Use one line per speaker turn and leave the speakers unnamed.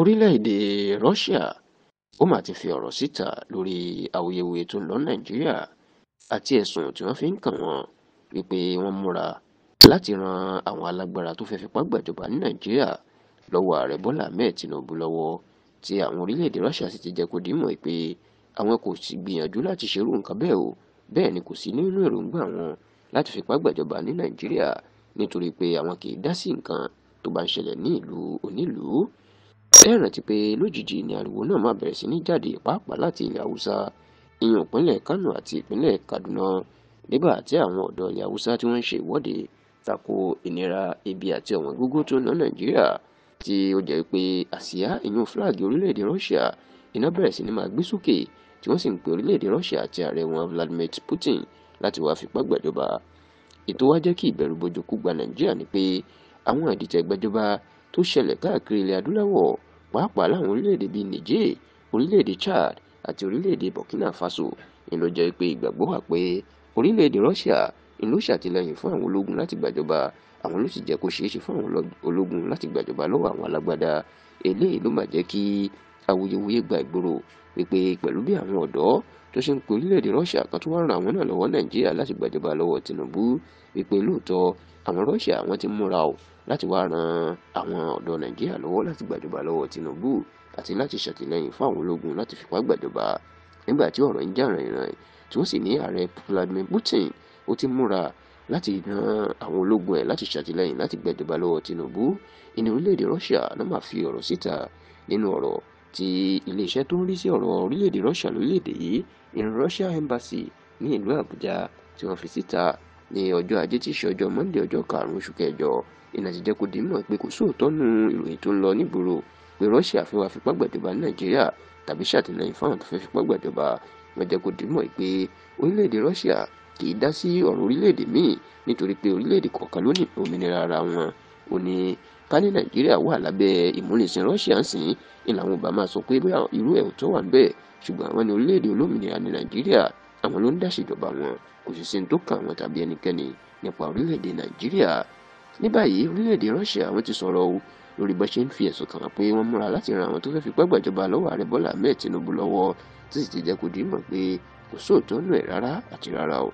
orílẹ̀-èdè Russia ó mà ti fi ọ̀rọ̀ síta lórí awuyewuye tó ń lọ Nàìjíríà àti ẹ̀sùn tí wọ́n fi ń kàn wọ́n wípé wọ́n múra láti ran àwọn alágbára tó fẹ́ fipá gbàjọba ní Nàìjíríà lọ́wọ́ ààrẹ Bọ́lá Ahmed Tinubu lọ́wọ́ tí àwọn orílẹ̀-èdè Russia sì ti jẹ́ kó dìímọ̀ pé àwọn kò sì gbìyànjú láti ṣerú nǹkan bẹ́ẹ̀ o bẹ́ẹ̀ ni kò sí nínú èròǹgbà wọn láti fipá gbàjọba ní Nàìjíríà nítorí pé àwọn kì í dá sí nǹkan tó bá ń ṣẹlẹ̀ ní ìlú onílùú bẹ́ẹ̀ rántí pé lójijì ni ariwo náà máa bẹ̀rẹ̀ sí ní jáde pàápàá láti ilẹ̀ haúsá ìyẹn ìpínlẹ̀ kánò àti ìpínlẹ̀ kaduna nígbà tí àwọn ọ̀dọ́ ilẹ̀ haúsá tí wọ́n ń ṣe ìwọ́de tako ìnira ebi àti ọ̀wọ́n gógó tó ná nàìjíríà tí ó jẹ́ pé àsíá ìyún fúláàgì orílẹ̀-èdè russia iná bẹ̀rẹ̀ sí ní máa gbé sókè tí wọ́n sì ń pe orílẹ̀-èdè russia àti ààrẹ wọn vladimir putin láti wá fipá gbàjọba ètò wa jẹ́ kí ìbẹ̀rù kú gba nàìjíríà ni pé àwọn ìdìtẹ̀ tó ṣẹlẹ̀ káàkiri ilẹ̀ adúláwọ̀ pàápàá láwọn orílẹ̀-èdè bíi Niger, orílẹ̀-èdè Chad àti orílẹ̀-èdè Burkina Faso ni ló jẹ́ pé ìgbàgbọ́ wà pé orílẹ̀-èdè Russia ni ló ṣàtìlẹ́yìn fún àwọn ológun láti gbàjọba àwọn ló sì jẹ́ kó ṣeé fún àwọn ológun láti gbàjọba lọ́wọ́ àwọn alágbádá eléyìí ló máa jẹ́ kí awuyewuye gba ìgboro wípé pẹ̀lú bí àwọn ọ̀dọ́ tó ṣe ń pe orílẹ̀-èdè Russia kan tó wá ran àwọn náà lọ́wọ́ Nàìjíríà láti gbàjọba lọ́wọ́ Tinubu wípé lóòótọ́ àwọn Russia àwọn ti múra o láti wá ran àwọn ọ̀dọ́ Nàìjíríà lọ́wọ́ láti gbàjọba lọ́wọ́ Tinubu àti láti ṣàtìlẹ́yìn fún àwọn ológun láti fipá gbàjọba nígbà tí ọ̀rọ̀ ń jà rìnrìn tí wọ́n sì ní ààrẹ Vladimir Putin ó ti múra láti ran àwọn ológun ẹ̀ láti ṣàtìlẹ́yìn láti gbàjọba lọ́wọ́ Tinubu ìní orílẹ̀-èdè Russia náà máa fi ọ̀rọ̀ síta nínú ọ̀rọ̀ àti iléeṣẹ́ tó ń rí sí ọ̀rọ̀ orílẹ̀-èdè Russia lórílẹ̀-èdè yìí in Russia Embassy ní ìlú Àbújá tí wọ́n fi síta ní ọjọ́ ajé tí í ṣe ọjọ́ Monday ọjọ́ karùn-ún oṣù kẹjọ ìnà ti jẹ́ kó di mọ̀ pé kò sóòótọ́ nu ìròyìn tó ń lọ nígboro pé Russia fẹ́ wá fipá gbàjọba ní Nàìjíríà tàbí ṣàtìlẹ́yìn fáwọn tó fẹ́ fipá gbàjọba wọ́n jẹ́ kó di mọ̀ pé orílẹ̀-èdè Russia kì í dá sí ọ̀rọ̀ orílẹ̀-èdè míì nítorí pé orílẹ̀-èdè kọ̀ọ̀kan ló òmìnira ara wọn ó ní ká ní nàìjíríà wà lábẹ́ ìmúnisìn russia sìn ní làwọn ọba máa sọ pé bóyá irú ẹ̀ tó wà ń bẹ́ẹ̀ ṣùgbọ́n àwọn ní orílẹ̀-èdè olómìnira ní nàìjíríà àwọn ló ń dàṣèjọba wọn kò sì sí ní tó kàn wọn tàbí ẹnikẹ́ni nípa orílẹ̀-èdè nàìjíríà ní báyìí orílẹ̀-èdè russia àwọn ti sọ̀rọ̀ o lórí bó ṣe ń fi ẹ̀sùn kàn án pé wọ́n múra láti ran àwọn tó fẹ́ fipá gbàjọba lọ́wọ́ ààrẹ bọ́lá ahmed tinubu lọ́wọ́ títí ti jẹ́ kó dì í mọ̀ pé kò sóòótọ́ nù ẹ̀ rárá àti rárá o.